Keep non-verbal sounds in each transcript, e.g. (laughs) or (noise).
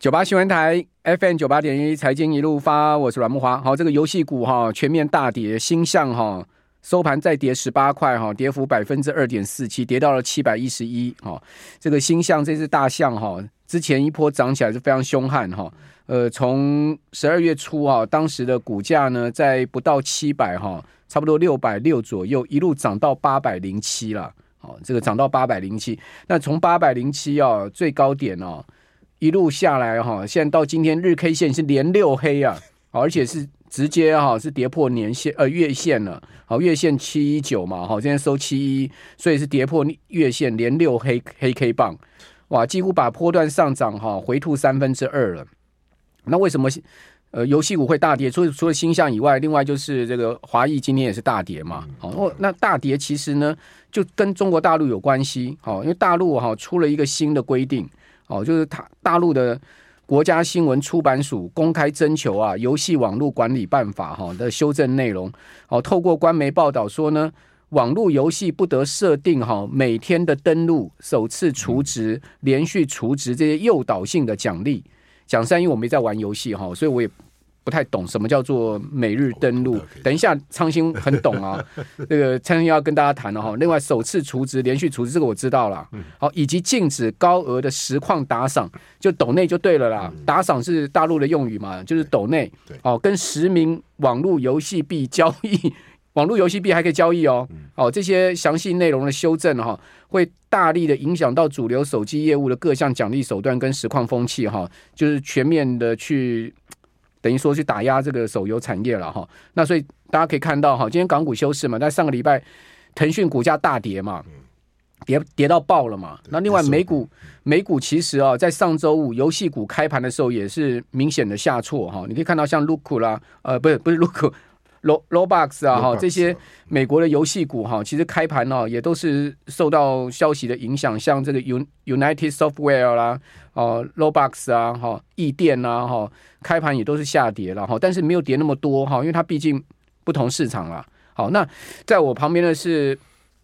九八新聞台 FM 九八點一，財經一路發，我是阮慕驊。好，這個遊戲股哈全面大跌，星象哈收盤再跌十八塊哈，跌幅百分之二點四七，跌到了七百一十一。哈，這個星象這隻大象哈，之前一波漲起來是非常兇悍哈。呃，從十二月初哈，當時的股價呢在不到七百哈，差不多六百六左右，一路漲到八百零七了。哦，這個漲到八百零七，那從八百零七哦，最高點哦。一路下來哈，現在到今天日 K 線是連六黑啊，而且是直接哈是跌破年線呃月線了，好月線七一九嘛哈，今天收七一一，所以是跌破月線連六黑黑 K 棒，哇，幾乎把波段上漲哈回吐三分之二了。那為什麼呃遊戲股會大跌？除除了鈊象以外，另外就是這個華義今天也是大跌嘛。好、哦，那大跌其實呢就跟中國大陸有關係，好，因為大陸哈出了一個新的規定。哦，就是他大陸的國家新聞出版署公開徵求啊遊戲網絡管理辦法哈的修正內容。哦，透過官媒報道說呢，網絡遊戲不得設定哈每天的登錄、首次充值、連續充值這些誘導性的獎勵。講三，因為我沒在玩遊戲哈，所以我也。不太懂什麼叫做每日登錄，哦、等一下昌興很懂啊。那、 (laughs) 這個昌興要跟大家談了哈。另外，首次儲值、連續儲值，這個我知道了。好、嗯，以及禁止高額的實況打賞，就抖內就對了啦。嗯、打賞是大陸的用語嘛，嗯、就是抖內。哦，跟實名網絡遊戲幣交易，網絡遊戲幣還可以交易哦。嗯、哦，這些詳細內容的修正哈、哦，會大力的影響到主流手機業務的各項獎勵手段跟實況風氣哈、哦，就是全面的去。等於說去打壓這個手遊產業了哈，那所以大家可以看到哈，今天港股休市嘛，但上個禮拜，騰訊股價大跌嘛，跌跌到爆了嘛。那另外美股美股其實啊，在上周五遊戲股開盤的時候也是明顯的下挫哈，你可以看到像 Lukla 啦，呃不是不是 Luk。Roblox 啊哈，這些美國的遊戲股哈，其實開盤啊，也都是受到消息的影響，像這個 Un United Software 啦，哦 Roblox 啊哈，藝電吶、啊、哈，開盤也都是下跌了哈，但是沒有跌那麼多哈，因為它畢竟不同市場啦。好，那在我旁邊的是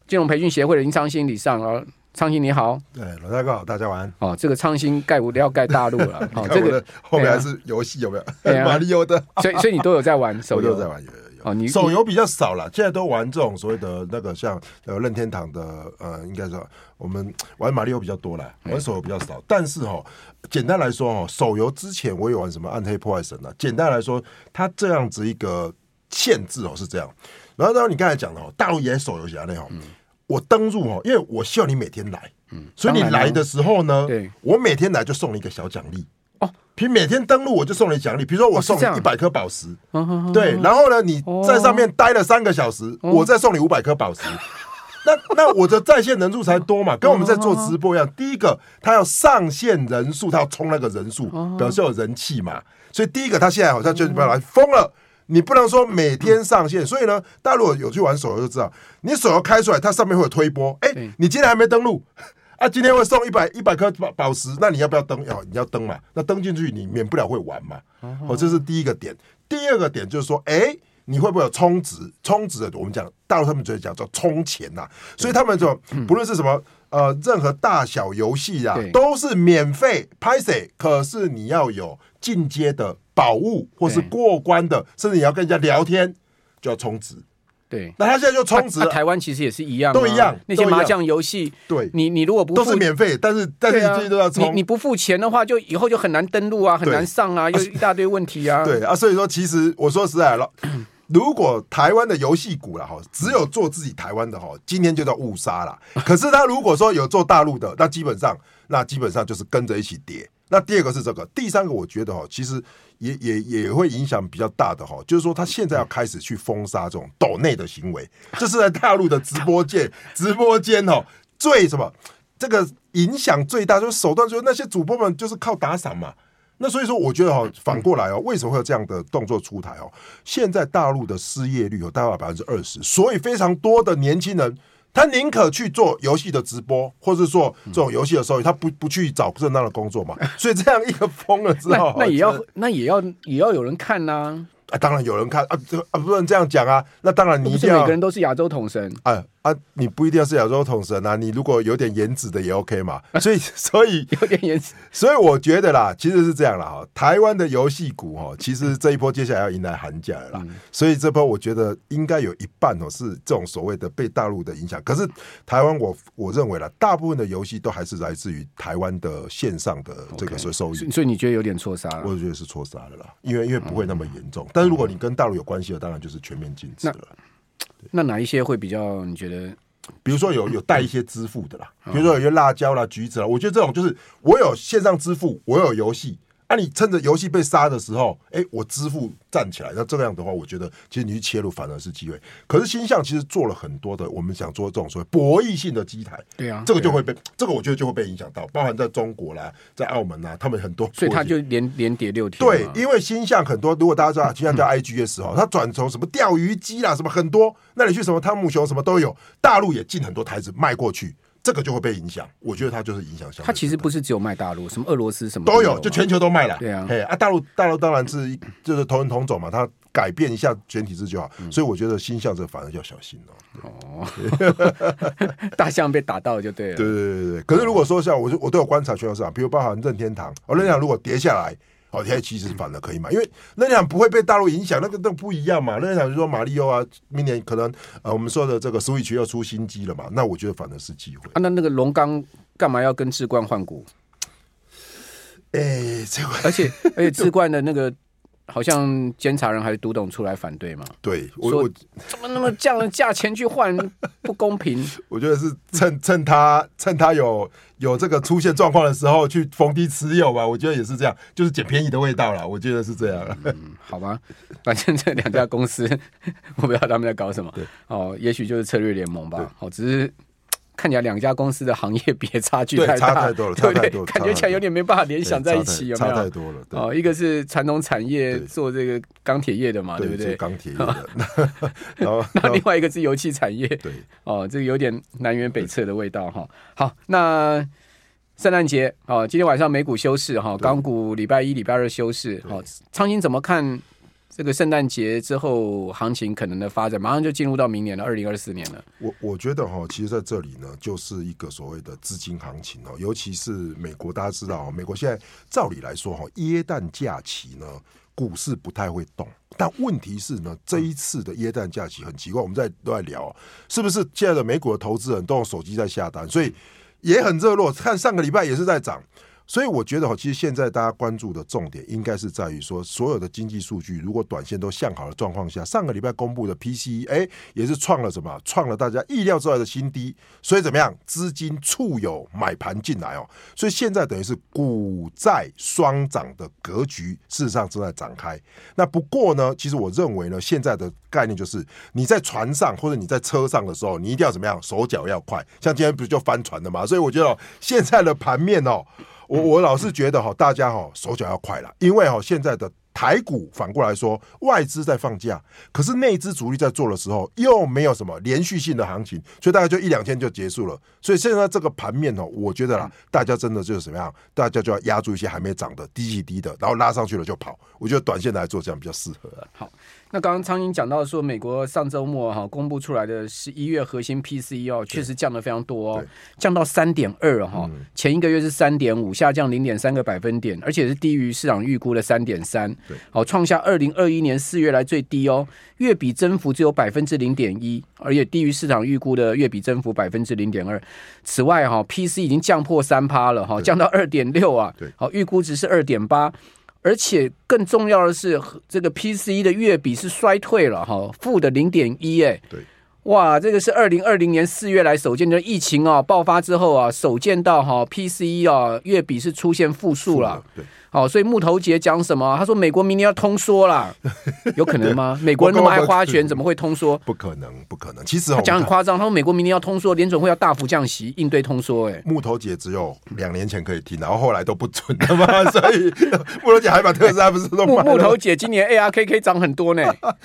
金融培訓協會的林昌興理事長啊，昌興你好，對，老大哥好，大家晚安。哦，這個昌興蓋我都要蓋大陸了，好，這個後面還是遊戲有沒有？對啊，馬里歐的， (laughs) 所以所以你都有在玩，手遊 (laughs) 在玩。 (laughs) 啊、哦，你，你手遊比較少了，現在都玩這種所謂的那個像、呃、任天堂的呃，應該說我們玩馬里奧比較多了，玩手遊比較少。嘿但是哦、喔，簡單來說哦、喔，手遊之前我有玩什麼暗黑破壞神啊。簡單來說，它這樣子一個限制哦、喔，是這樣。然後，然後你剛才講的哦、喔，大陸也手遊俠那種，嗯，我登入哦、喔，因為我希望你每天來，嗯，所以你來的時候呢，對，我每天來就送你一個小獎勵。憑每天登錄，我就送你獎勵，比如說我送你一百顆寶石，哦、對，然後呢，你在上面待了三個小時，哦、我再送你五百顆寶石。嗯、那那我的在線人數才多嘛，跟我們在做直播一樣。第一個他要上線人數，他要衝那個人數，哦、表示有人氣嘛。所以第一個他現在好像就要來封了。嗯、你不能說每天上線，嗯、所以呢，大家如果有去玩手遊，就知道你手遊開出來，它上面會有推播。哎、欸，你今天還沒登錄？啊，今天會送一百一百顆寶寶石，那你要不要登？哦，你要登嘛，那登進去你免不了會玩嘛。哦，這是第一個點。第二個點就是說，哎、欸，你會不會有充值？充值的我們講到他們直接講叫充錢吶、啊。所以他們說，嗯、不論是什麼、嗯、呃任何大小遊戲啊，對都是免費拍攝，可是你要有進階的寶物，或是過關的，嗯、甚至你要跟人家聊天，就要充值。對，那他、啊、現在就充值、啊、台灣其實也是一樣、啊，都一樣。那些麻將遊戲，對，你你如果不付都是免費，但是但是這些都要充、啊、你，你不付錢的話就，就以後就很難登錄啊，對很難上啊，又、啊、一大堆問題啊。對啊，所以說其實我說實在的，如果台灣的遊戲股了哈，只有做自己台灣的哈，今天就叫誤殺了。可是他如果說有做大陸的，那基本上那基本上就是跟着一起跌。那第二個是這個，第三個我覺得哦，其實也也也會影響比較大的哈，就是說他現在要開始去封殺這種抖內的行為，這、就是在大陸的直播界， (laughs) 直播間哦最什麼這個影響最大，就是手段就是那些主播們就是靠打賞嘛，那所以說我覺得哈，反過來哦，為什麼會有這樣的動作出台哦？現在大陸的失業率有大概百分之二十，所以非常多的年輕人。他寧可去做遊戲的直播，或者是做這種遊戲的收益，他不不去找正當的工作嘛？ (laughs) 所以這樣一個瘋了之後， (laughs) 那，那也要那也要也要有人看吶、啊！啊，當然有人看啊！這啊，不能這樣講啊！那當然你一定要不是每個人都是亞洲統神、啊啊，你不一定要是亞洲統神啊。你如果有點顏值的也 OK 嘛。所以，所以有點顏值，所以我覺得啦，其實是這樣啦。哈。台灣的遊戲股哈，其實這一波接下來要迎來寒假了啦，嗯、所以這波我覺得應該有一半哦是這種所謂的被大陸的影響。可是台灣，我我認為啦，大部分的遊戲都還是來自於台灣的線上的這個所收益。Okay, 所以你覺得有點錯殺？我覺得是錯殺的啦，因為因為不會那麼嚴重。但是如果你跟大陸有關係的，當然就是全面禁止了。對那哪一些會比較？你覺得，比如說有有帶一些支付的啦，對比如說有些辣椒啦、哦、橘子啦，我覺得這種就是我有線上支付，我有遊戲。那、啊、你趁着遊戲被殺的時候，哎、欸，我支付站起來，那這樣的話，我覺得其實你去切入反而是機會。可是星象其實做了很多的，我們想做這種所謂博弈性的機台，對啊，這個就會被、啊、這個我覺得就會被影響到，包含在中國啦，在澳門啦、啊，他們很多，所以他就連連跌六天、啊。對，因為星象很多，如果大家知道，就像叫 IGS 的時候，他轉成什麼釣魚機啦，什麼很多，那你去什麼湯姆熊什麼都有，大陸也進很多台子賣過去。這個就會被影響，我覺得它就是影響相對。它其實不是只有賣大陸，什麼俄羅斯什麼都有,、啊、都有，就全球都賣了。對啊，對啊大陸，大陸大陸當然是就是同人同種嘛，它改變一下全體制就好。嗯、所以我覺得心象這反而要小心哦。 (laughs) (laughs) 大象被打到了就對了。對對對對，可是如果說像我，我都有觀察全球市場，比如包含任天堂，我任天如果跌下來。哦，其實反了可以嘛？因為那兩不會被大陸影響，那個都不一樣嘛。那兩就說馬里奧啊，明年可能呃，我們說的這個蘇 w i 要出新機了嘛，那我覺得反正是機會、啊。那那個龍剛幹嘛要跟志冠換股？哎、欸這個，而且而且志冠的那個。 (laughs) 好像監察人還是獨董出來反對嘛？對，我說怎麼那麼降了價錢去換不公平？我覺得是趁趁他趁他有有這個出現狀況的時候去逢低持有吧，我覺得也是這樣，就是撿便宜的味道啦。嗯、我覺得是這樣。好吧，反正這兩家公司， (laughs) 我不知道他們在搞什麼。對哦，也許就是策略聯盟吧。哦對，只是。看起來兩家公司的行業別差距太大，對不對？感覺起來有點沒辦法聯想在一起，有差太多了。哦，一個是傳統產業做這個鋼鐵業的嘛，對不對？鋼鐵業的。然後，那另外一個是油氣產業。對。哦，這個有點南轅北轍的味道哈。好，那聖誕節，哦，今天晚上美股休市哈，港股禮拜一、禮拜二休市。好，昌興怎麼看？這個聖誕節之後行情，可能的發展，馬上就進入到明年了，二零二四年了。我我覺得哈、哦，其實在這裡呢，就是一個所謂的資金行情哦，尤其是美國，大家知道、哦，美國現在照理來說哈、哦，耶誕假期呢，股市不太會動，但問題是呢，這一次的耶誕假期很奇怪，嗯、我們在都在聊、哦，是不是現在的美股的投資人都用手機在下單，所以也很熱絡，看上個禮拜也是在漲。所以我覺得其實現在大家關注的重點應該是在於說，所有的經濟數據如果短線都向好的狀況下，上個禮拜公布的 PCE 欸也是創了什麼？創了大家意料之外的新低。所以怎麼樣？資金處有買盤進來哦。所以現在等於是股債雙漲的格局，事實上正在展開。那不過呢，其實我認為呢，現在的概念就是你在船上或者你在車上的時候，你一定要怎麼樣？手腳要快。像今天不是就翻船了嗎？所以我覺得、哦、現在的盤面哦。我我老是覺得哈，大家哈手腳要快了，因為哈現在的台股反過來說，外資在放假，可是內資主力在做的時候又沒有什麼連續性的行情，所以大概就一兩天就結束了。所以現在這個盤面呢，我覺得啦，大家真的就是怎麼樣，大家就要壓住一些還沒漲的低吸低的，然後拉上去了就跑。我覺得短線來做這樣比較適合。好。那剛剛昌興講到說，美國上週末哈公布出來的十一月核心 PCE 哦，確實降得非常多，哦，降到三點二哈，前一個月是三點五，下降零點三個百分點，而且是低於市場預估的三點三，對，好，創下二零二一年四月來最低哦，月比增幅只有百分之零點一，而且低於市場預估的月比增幅百分之零點二。此外哈，PCE 已經降破三趴了哈，降到二點六啊，對，好，預估值是二點八。而且更重要的是，這個 P C E 的月比是衰退了哈，負的零點一哎。對，哇，這個是二零二零年四月來首見的疫情啊爆發之後啊，首見到哈、啊、P C E 啊月比是出現負數了，了。對。哦，所以木頭姐講什麼？她說美國明年要通縮啦，有可能嗎？美國人那麼愛花錢，怎麼會通縮？ (laughs) 不可能，不可能。其實她講很誇張，她的說美國明年要通縮，聯準會要大幅降息應對通縮，欸。哎，木頭姐只有兩年前可以聽，然後後來都不準了嘛， (laughs) 所以木頭姐還把特斯拉不是都買 (laughs) 木木頭姐今年 ARKK 漲很多呢，欸。 (laughs)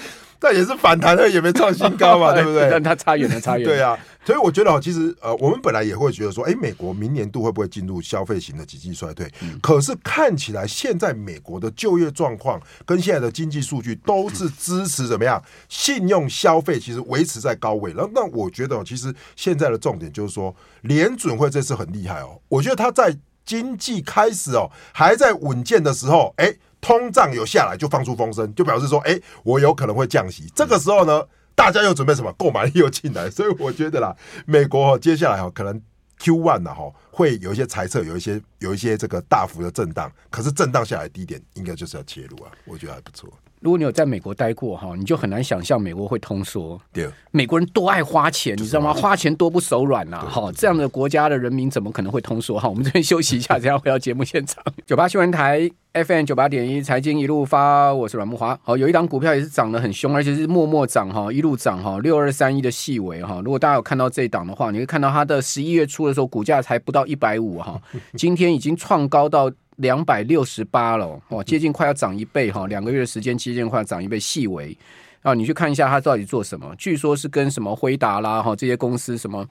但也是反彈了，也沒創新高嘛， (laughs) 對不對？但它差遠了，差遠 (laughs) 對啊，所以我覺得哦，其實呃，我們本來也會覺得說，哎，美國明年度會不會進入消費型的經濟衰退？嗯、可是看起來現在美國的就業狀況跟現在的經濟數據都是支持怎麼樣？嗯、信用消費其實維持在高位。然後，那我覺得、哦，其實現在的重點就是說，聯準會這次很厲害哦。我覺得他在經濟開始哦，還在穩健的時候，哎。通脹有下來，就放出風聲，就表示說，哎、欸，我有可能會降息。這個時候呢，大家又準備什麼？購買力又進來，所以我覺得啦，美國接下來哈，可能 Q one 哈，會有一些猜測，有一些有一些這個大幅的震盪。可是震盪下來的低點，應該就是要切入啊，我覺得還不錯。如果你有在美國待過哈，你就很難想象美國會通縮。對，美國人多愛花錢，你知道嗎？花錢多不手軟吶、啊。好，這樣的國家的人民怎麼可能會通縮？哈，我們這邊休息一下，等下回到節目現場。九八新聞台。FM 九八點一，財經一路發，我是阮慕驊。好，有一檔股票也是漲得很兇，而且是默默漲哈，一路漲哈，六二三一的細微。哈。如果大家有看到這檔的話，你會看到它的十一月初的時候股價才不到一百五哈，今天已經創高到兩百六十八了，接近快要漲一倍哈，兩個月的時間接近快要漲一倍細微。啊，你去看一下它到底做什麼？據說是跟什麼輝達啦哈這些公司什麼。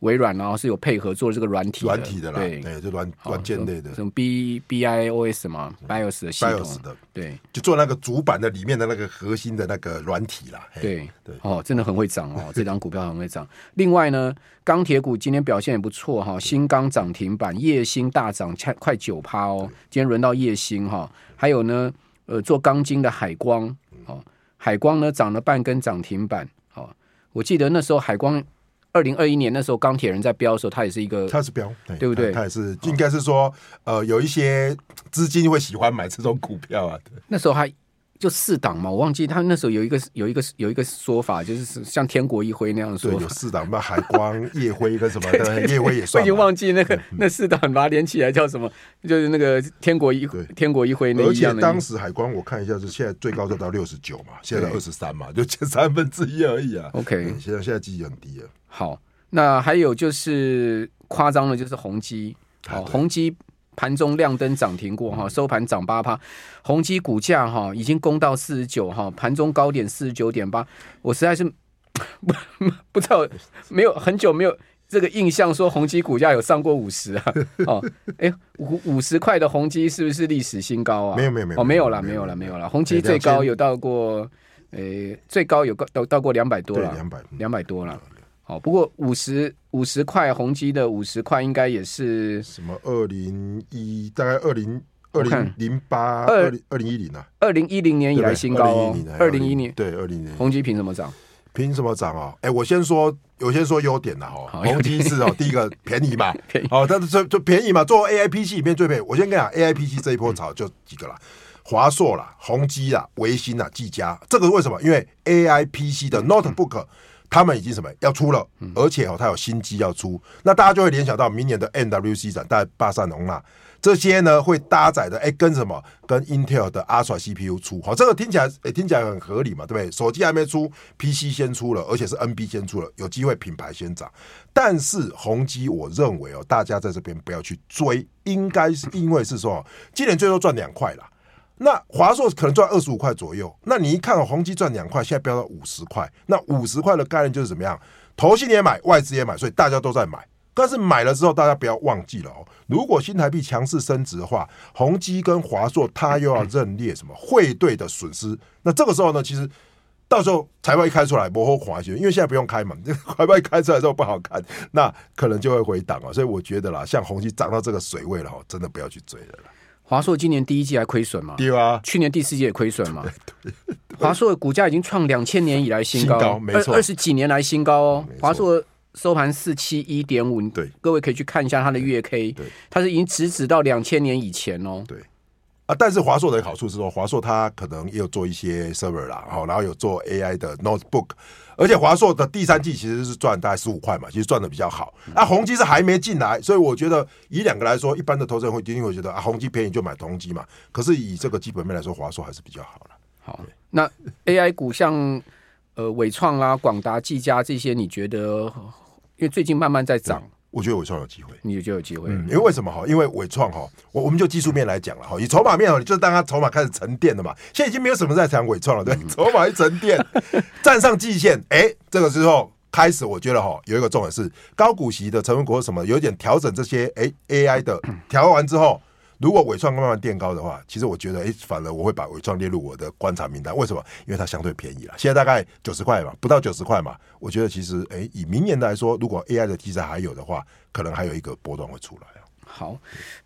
微軟然、啊、是有配合做這個軟體的，軟體的啦，對，欸、就軟軟、哦、件類的，什麼 B B I O S 嘛，BIOS 的，BIOS 的，對，就做那個主板的裡面的那個核心的那個軟體啦。對對，對哦，真的很會漲哦， (laughs) 這張股票很會漲。另外呢，鋼鐵股今天表現也不錯哈，新鋼漲停板，燁興大漲快九趴哦，今天輪到燁興哈，還有呢，呃，做鋼筋的海光哦，海光呢漲了半根漲停板哦，我記得那時候海光。二零二一年那時候，鋼鐵人在飆的時候，它也是一個它是飆，對，對不對？它，它也是，應該是說，哦、呃，有一些資金會喜歡買這種股票啊。對，那時候還。就四檔嘛，我忘記他那時候有一個有一個有一個說法，就是像“天國一輝”那樣的說法。對，有四檔，那海關、葉輝跟什麼的，葉輝 (laughs) 也算對對對。我已經忘記那個對那四檔把它連起來叫什麼，就是那個“天國一對天國一輝”那一。而且當時海關，我看一下是現在最高就到六十九嘛，現在二十三嘛，對就三分之一而已啊。OK、嗯、現在，現在基期很低了。好，那還有就是誇張的，就是宏基，好、哎、宏基。盤中亮燈漲停過哈，收盤漲八趴。宏基股價哈已經攻到四十九哈，盤中高點四十九點八。我實在是不不知道，沒有很久沒有這個印象，說宏基股價有上過五十啊。哦，哎，五五十塊的宏基是不是歷史新高啊？沒有沒有沒有，哦沒有啦，沒有啦，沒有啦。宏基最高有到過哎，最高有到到過兩百多了，兩百兩百多了。好，不過五十五十塊，宏基的五十塊應該也是什麼？二零一，大概二零二零零八，二零二零一零啊，二零一零年以來新高，二零一零，二零一年，對，二零年，宏基憑什麼漲？憑什麼漲哦，哎，我先說，我先說優點了哈。宏基是哦，第一個便宜嘛，便宜。哦，但是這就便宜嘛，做 A I P C 裡面最便宜。我先跟你講，A I P C 這一波潮就幾個了，華碩啦，宏基啦，微星啦，技嘉，這個為什麼？因為 A I P C 的 Notebook。他們已經什麼要出了，而且哦，他有新機要出，那大家就會聯想到明年的 MWC 展，在巴塞隆納這些呢，會搭載的哎，跟什麼跟 Intel 的 Ultra CPU 出，好、哦，這個聽起來哎，聽起來很合理嘛，對不對？手機還沒出，PC 先出了，而且是 NB 先出了，有機會品牌先漲。但是宏碁，我認為哦，大家在這邊不要去追，應該是因為是說今年最多賺兩塊啦。那華碩可能賺二十五塊左右，那你一看、喔、宏基賺兩塊，現在飆到五十塊，那五十塊的概念就是怎麼樣？投信也買，外資也買，所以大家都在買。但是買了之後，大家不要忘記了哦、喔，如果新台幣強勢升值的話，宏基跟華碩它又要認列什麼匯兌的損失。那這個時候呢，其實到時候財報一開出來，包括華碩，因為現在不用開嘛，財報一開出來之後不好看，那可能就會回檔啊、喔。所以我覺得啦，像宏基漲到這個水位了、喔，真的不要去追了啦。華碩今年第一季還虧損嗎？去年第四季也虧損嗎？華碩的股價已經創兩千年以來新高，新高二二十幾年來新高哦。華碩錯收盤四七一點五，對，各位可以去看一下它的月 K，對，對它是已經直指到兩千年以前哦，對。啊，但是華碩的好處是說，華碩它可能也有做一些 server 啦，好、哦，然後有做 AI 的 notebook，而且華碩的第三季其實是賺大概十五塊嘛，其實賺的比較好。那、啊、宏碁是還沒進來，所以我覺得以兩個來說，一般的投資人會一定會覺得啊，宏碁便宜就買宏碁嘛。可是以這個基本面來說，華碩還是比較好了。好，對那 AI 股像呃緯創啊、廣達、技嘉這些，你覺得因為最近慢慢在漲。我覺得緯創有機會，你就有機會、嗯，因為為什麼哈？因為緯創哈，我我們就技術面來講了哈，以籌碼面就是就當它籌碼開始沉澱的嘛，現在已經沒有什麼在談緯創了，對，籌碼一沉澱， (laughs) 站上季線、欸，這個時候開始，我覺得哈，有一個重點是高股息的成分股什麼，有點調整這些，哎、欸、AI 的調完之後。如果緯創慢慢墊高的話，其實我覺得，誒，欸，反而我會把緯創列入我的觀察名單。為什麼？因為它相對便宜了，現在大概九十塊嘛，不到九十塊嘛。我覺得其實，誒，欸，以明年的來說，如果 AI 的題材還有的話，可能還有一個波段會出來啊。好，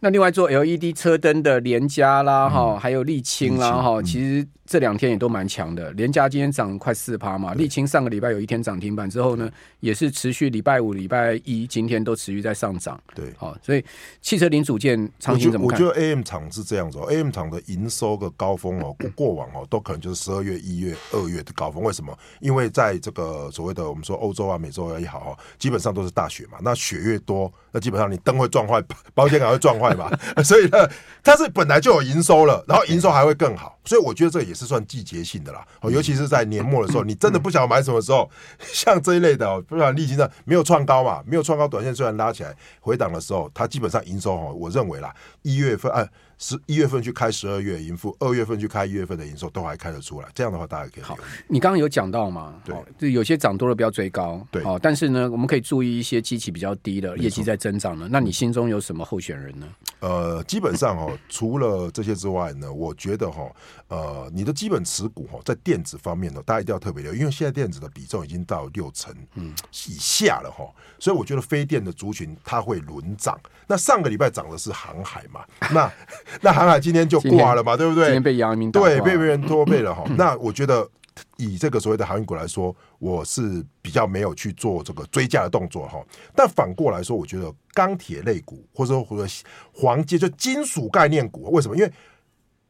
那另外做 LED 車燈的聯嘉啦，哈、嗯，還有麗清啦，哈，嗯、其實這兩天也都蠻強的。聯嘉今天漲快四趴嘛，麗對清上個禮拜有一天漲停板之後呢，對也是持續禮拜五、禮拜一、今天都持續在上漲。對，好，所以汽車零組件，長期怎麼看？我，我覺得 AM 廠是這樣子、哦，AM 廠的營收的高峰哦，過往哦都可能就是十二月、一月、二月的高峰。為什麼？因為在這個所謂的我們說歐洲啊、美洲也、啊、好、哦，基本上都是大雪嘛。那雪越多，那基本上你燈會撞壞。保險可能會撞壞嘛，所以呢，它是本來就有營收了，然後營收還會更好，所以我覺得這也是算季節性的啦。尤其是，在年末的時候，你真的不想買什麼時候，像這一類的，不想利基的，沒有創高嘛，沒有創高，短線雖然拉起來，回檔的時候，它基本上營收哦，我認為啦，一月份啊十一月份去開十二月的營收，二月份去開一月份的營收，都還開得出來。這樣的話，大家可以好。你剛剛有講到嗎？對、哦，就有些漲多了，不要追高。對，哦，但是呢，我們可以注意一些基期比較低的對業績在增長的，錯那你心中有什麼候選人呢？呃，基本上哦，除了這些之外呢，我覺得哈，呃，你的基本持股哈，在電子方面呢，大家一定要特別留意，因為現在電子的比重已經到六成，嗯以下了哈，所以我覺得非電的族群它會輪漲。那上個禮拜漲的是航海嘛， (laughs) 那那航海今天就掛了嘛，今天對不對？今天被陽明對被別人拖背了哈， (laughs) 那我覺得。以這個所謂的航運股來說，我是比較沒有去做這個追價的動作哈。但反過來說，我覺得鋼鐵類股，或者或者黃金，就金屬概念股，為什麼？因為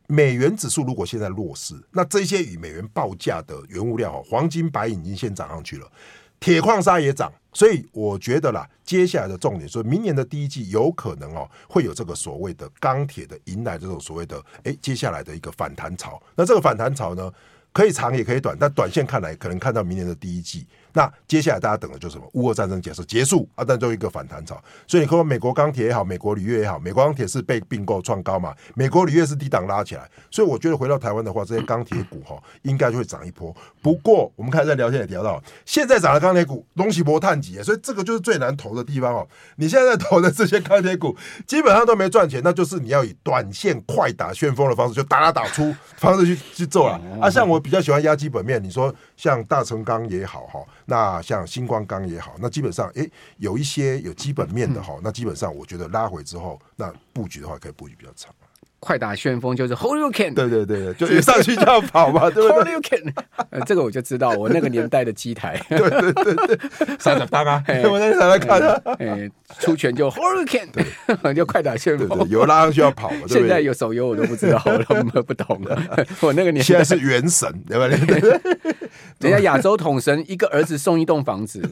美元指數如果現在落勢，那這些以美元報價的原物料黃金、白銀已經先漲上去了，鐵礦砂也漲，所以我覺得啦，接下來的重點，所以明年的第一季有可能哦、喔，會有這個所謂的鋼鐵的迎來這種所謂的哎、欸，接下來的一個反彈潮。那這個反彈潮呢？可以長也可以短，但短線看來，可能看到明年的第一季。那接下來大家等的就是什麼？烏俄戰爭結束結束啊，再做一個反彈潮。所以你看，美國鋼鐵也好，美國鋁業也好，美國鋼鐵是被併購創高嘛，美國鋁業是低檔拉起來。所以我覺得回到台灣的話，這些鋼鐵股哈，應該就會漲一波。不過我們看在聊天也聊到，現在漲的鋼鐵股，隆起博碳級，所以這個就是最難投的地方哦。你現在，在投的這些鋼鐵股，基本上都沒賺錢，那就是你要以短線快打旋風的方式，就打打打出方式去去做了。嗯嗯嗯啊，像我比較喜歡壓基本面，你說像大成鋼也好哈。那像新光鋼也好，那基本上，誒、欸、有一些有基本面的哈，嗯、那基本上我覺得拉回之後，那布局的話可以布局比較長。快打旋風就是 Holyuken 對對對，就一上去就要跑嘛， (laughs) 對不對？Holyuken 這個我就知道，我那個年代的機台。 (laughs) 對對對對，上上當啊！欸、我在來看，哎、欸欸，出拳就 Holyuken 就快打旋風。有對對對，拉上去要跑。對對，現在有手遊我都不知道，我們不懂了、啊。我那個年代，現在是《原神》，對不對？等一下亞洲統神一個兒子送一棟房子。 (laughs)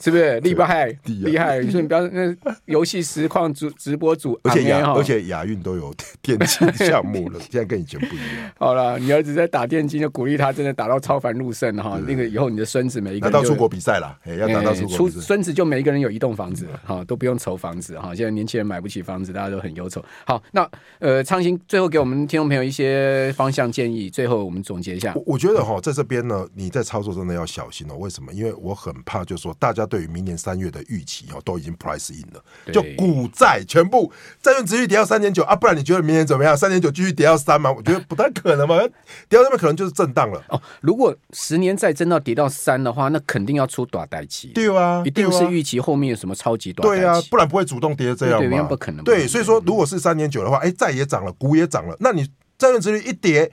是不是厲害厲害？你說你不要那遊戲實況主直播主，而且雅，而且亞運都有電競項目了，現在跟以前不一樣。好了，你兒子在打電競，就鼓勵他，真的打到超凡入勝哈。那個以後你的孫子每一個人拿到出國比賽了，哎，要拿到出國出，孫子就每一個人有一棟房子哈，都不用愁房子哈。現在年輕人買不起房子，大家都很憂愁。好，那呃，昌興最後給我們聽眾朋友一些方向建議，最後我們總結一下。我覺得哈，在這邊呢，你在操作真的要小心哦。為什麼？因為我很怕，就是說大家。對於明年三月的預期哦，都已經 price in 了，對就股債全部債券殖率跌到三點九啊，不然你覺得明年怎麼樣？三點九繼續跌到三嗎？我覺得不太可能嘛， (laughs) 跌到這麼可能就是震盪了哦。如果十年再增到跌到三的話，那肯定要出大代誌對，啊，對啊，一定是預期後面有什麼超級大代誌，對啊，不然不會主動跌成這樣嗎？對對可不可能。對，所以說如果是三點九的話，哎，債也漲了，股也漲了，那你債券殖率一跌，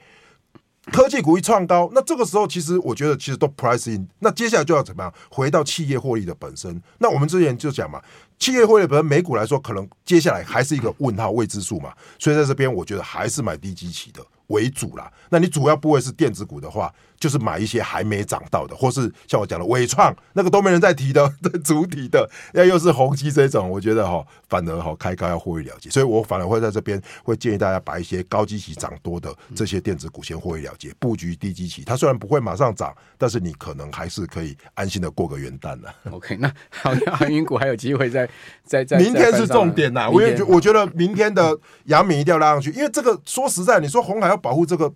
科技股一創高，那這個時候其實我覺得其實都 pricing，那接下來就要怎麼樣？回到企業獲利的本身。那我們之前就講嘛，企業獲利的本身，美股來說可能接下來還是一個問號、未知數嘛。所以在這邊，我覺得還是買低基期的為主啦。那你主要部位是電子股的話。就是買一些還沒漲到的，或是像我講的緯創那個都沒人在提的的主體的，要又是紅旗這種，我覺得哈、喔、反而哈、喔、開高要獲利了結，所以我反而會在這邊會建議大家把一些高基期漲多的這些電子股先獲利了結，布局低基期，它雖然不會馬上漲，但是你可能還是可以安心的過個元旦了、啊。OK，那好，航運股還有機會在在在，在明天是重點吶，明天 我也覺 (laughs) 我覺得明天的陽明一定要拉上去，因為這個說實在，你說紅海要保護這個。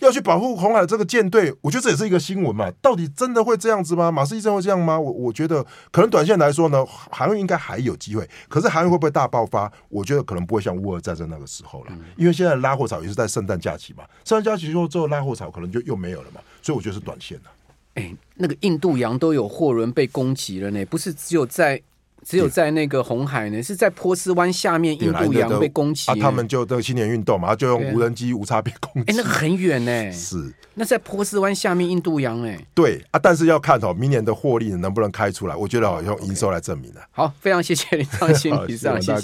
要去保護紅海這個艦隊，我覺得這也是一個新聞嘛。到底真的會這樣子嗎？馬士基會這樣嗎？我我覺得可能短線來說呢，航運應該還有機會。可是航運不會大爆發？我覺得可能不會像烏俄戰爭那個時候了，嗯、因為現在拉貨潮也是在聖誕假期嘛。聖誕假期之後,之後拉貨潮可能就又沒有了嘛。所以我覺得是短線了、啊欸、那個印度洋都有貨輪被攻擊了呢、欸，不是只有在。只有在那個紅海呢，對是在波斯灣下面印度洋被攻擊。啊，他們就這個青年運動嘛，就用無人機無差別攻擊。哎、欸，那很遠呢、欸，是。那在波斯灣下面印度洋哎、欸。對啊，但是要看哦，明年的獲利能不能開出來？我覺得哦，用營收來證明的、啊 okay. 好，非常謝謝你，林昌興，謝謝。